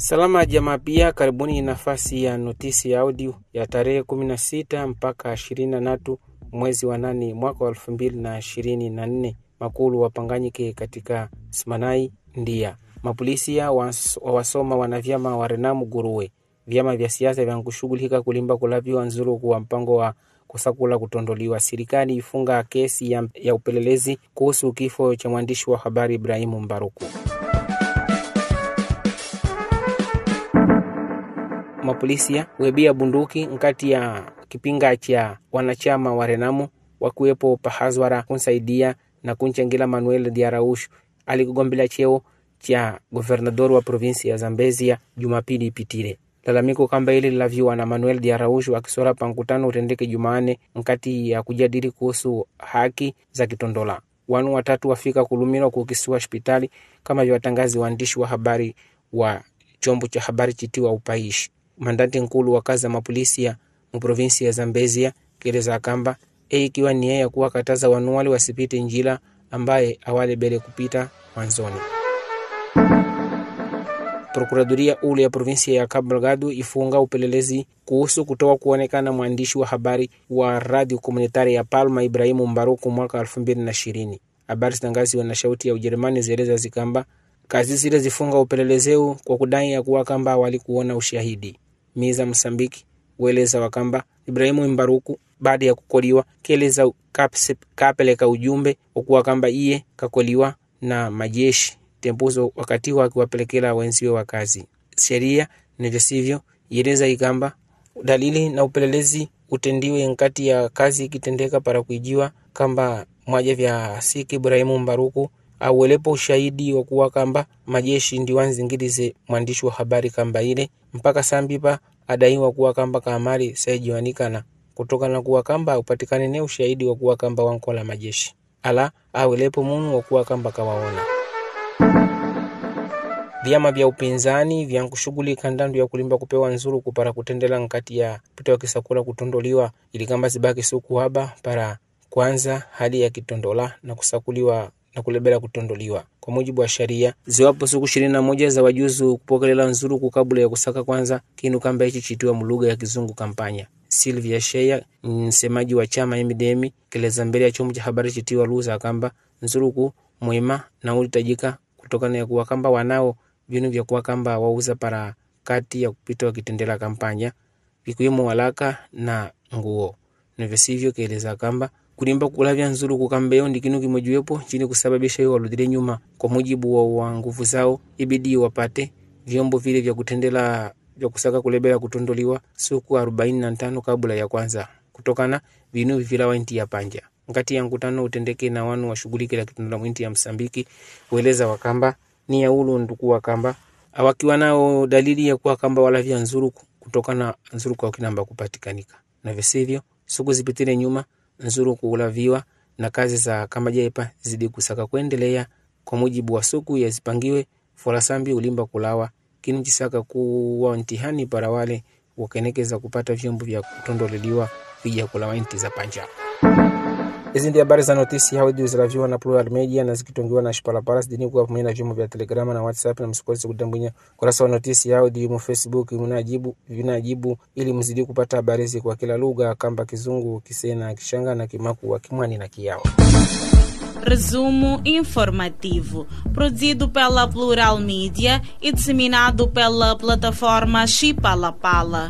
Salama jamaa pia karibuni nafasi ya notisi ya audio ya tarehe 16 mpaka 23 mwezi wa 8 mwaka wa 2024 na makulu wapanganyike katika Simanai ndia mapolisia wawasoma wanavyama wa Renamu Guruwe vyama vya siasa vyankushughulika kulimba kulaviwa nzuru kuwa mpango wa kusakula kutondoliwa. Serikali ifunga kesi ya, ya upelelezi kuhusu kifo cha mwandishi wa habari Ibrahimu Mbaruku. mapolisia webia bunduki nkati ya kipinga cha wanachama wa Renamo wakiwepo pahazwara kunsaidia na kunchangila Manuel Diaraushu alikugombela cheo cha governador wa provinsi ya Zambezia Jumapili ipitire. Lalamiko kamba ili lilaviwa na Manuel Diaraushu akisora pa mkutano utendeke jumane nkati ya kujadili kuhusu haki za kitondola. Wanu watatu wafika kulumirwa kukisiwa hospitali kama vyo watangazi waandishi wa habari wa chombo cha habari chitiwa upaishi Mandante nkulu wa kazi za mapolisi ya muprovinsi ya Zambezia keleza kamba e ikiwa ni yeye kuwa kataza wanuali wasipite njila ambaye awali bele kupita mwanzoni. Prokuraduria ule ya provinsia ya Cabo Delgado ifunga upelelezi kuhusu kutoa kuonekana mwandishi wa habari wa radio komunitari ya Palma Ibrahimu Mbaruku mwaka 2020. Habari zitangaziwa na shauti ya Ujerumani zieleza zikamba kazi zile zifunga upelelezeu kwa kudai ya kuwa kamba walikuona ushahidi. Miza Msambiki ueleza wakamba Ibrahimu Mbaruku baada ya kukoliwa keleza kapeleka ujumbe wakuwa kamba iye kakoliwa na majeshi tempuzo wakati wa kiwapelekela wenziwe wa kazi. Sheria ndivyo sivyo ikamba dalili na upelelezi utendiwe nkati ya kazi ikitendeka para kuijiwa kamba mwaja vya siki Ibrahimu Mbaruku auelepo ushahidi wa kuwa kamba majeshi ndi wanzingilize mwandishi wa habari kamba ile mpaka sambipa adaiwa kuwa kamba kaamari saijiwanikana na kuwa kamba upatikane ne ushahidi wa kuwa kamba wankola majeshi ala awelepo munu wa kuwa kamba kawaona vyama vya upinzani vyankushughulika ndandu ya kulimba kupewa nzuru kupara kutendela nkati ya pita wa kisakula kutondoliwa ili kamba zibaki haba para kwanza hali ya kitondola na kusakuliwa na kulebela kutondoliwa kwa mujibu wa sharia ziwapo siku ishirini na moja za wajuzu kupokelela nzuruku kabla ya kusaka kwanza kinu kamba hichi chitiwa mlugha ya kizungu kampanya Silvia Sheya msemaji wa chama MDM kileza mbele ya chombo cha habari chitiwa luza kamba nzuruku mwima na ulitajika kutokana ya kamba wanao vinu vya kuwa kamba wauza para kati ya kupita wakitendela kampanya vikiwemo walaka na nguo nivyo sivyo kieleza kamba kulimba kulavya nzulu kukambeyo ndi kinu kimwe jiwepo chini kusababisha iwo waludhire nyuma kwa mujibu wa, nguvu zao ibidi wapate vyombo vile vya kutendela vya kusaka kulebela kutondoliwa siku 45 na kabla ya kwanza kutokana vinu vivilawa inti ya panja ngati ya mkutano utendeke na wanu washughulike la kitundula mwinti ya msambiki weleza wakamba ni ya ulu nduku wakamba awakiwa nao dalili ya kuwa kamba walavya nzuru kutokana nzuru kwa kinamba kupatikanika na visivyo siku zipitile nyuma nzuru kuulaviwa na kazi za kamajaipa zidi kusaka kuendelea kwa mujibu wa suku yazipangiwe forasambi ulimba kulawa kini chisaka kuwa ntihani para wale wakenekeza kupata vyombo vya kutondoleliwa vija kulawa inti za panja Hizi ndio habari za notisi hao hizi na Plural Media na zikitongiwa na Shipalapala zidini kwa pamoja na vyombo vya telegrama na WhatsApp na msikose kutambwinya kurasa wa notisi hao hizi mu Facebook mnajibu vinajibu ili mzidi kupata habari hizi kwa kila lugha kamba Kizungu, Kisena, Kishanga na kimaku wa Kimwani na Kiao. Resumo informativo, produzido pela Plural Media e disseminado pela plataforma Chipalapala.